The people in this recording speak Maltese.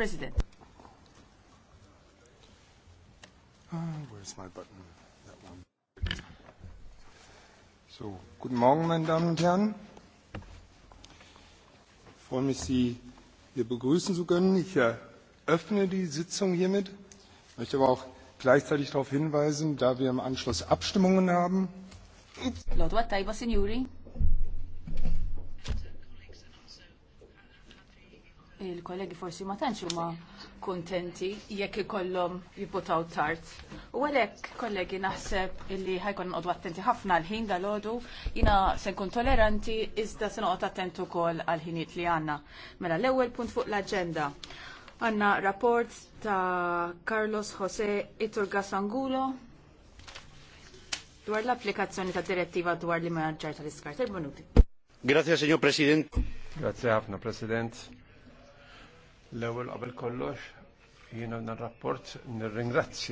President. Uh, where's my button? That one. So, guten Morgen, meine Damen und Herren. Ich freue mich, Sie hier begrüßen zu können. Ich eröffne äh, die Sitzung hiermit. Ich möchte aber auch gleichzeitig darauf hinweisen, da wir im Anschluss Abstimmungen haben. Lodwa tajba, signori. il-kollegi forsi ma tantx huma kuntenti jekk ikollhom jibutaw tard. U għalhekk kollegi naħseb illi ħajkun noqgħdu attenti ħafna l ħin dal-għodu, jiena se nkun toleranti iżda se noqgħod attent ukoll għal ħinijiet li għandna. Mela l-ewwel punt fuq l-aġenda. Għanna rapport ta' Carlos Jose Iturgas Angulo dwar l-applikazzjoni ta' direttiva dwar li maġġar tal-iskart. Grazie, signor President. Grazie, ħafna, President. L-ewwel qabel kollox jiena rapport nirringrazzja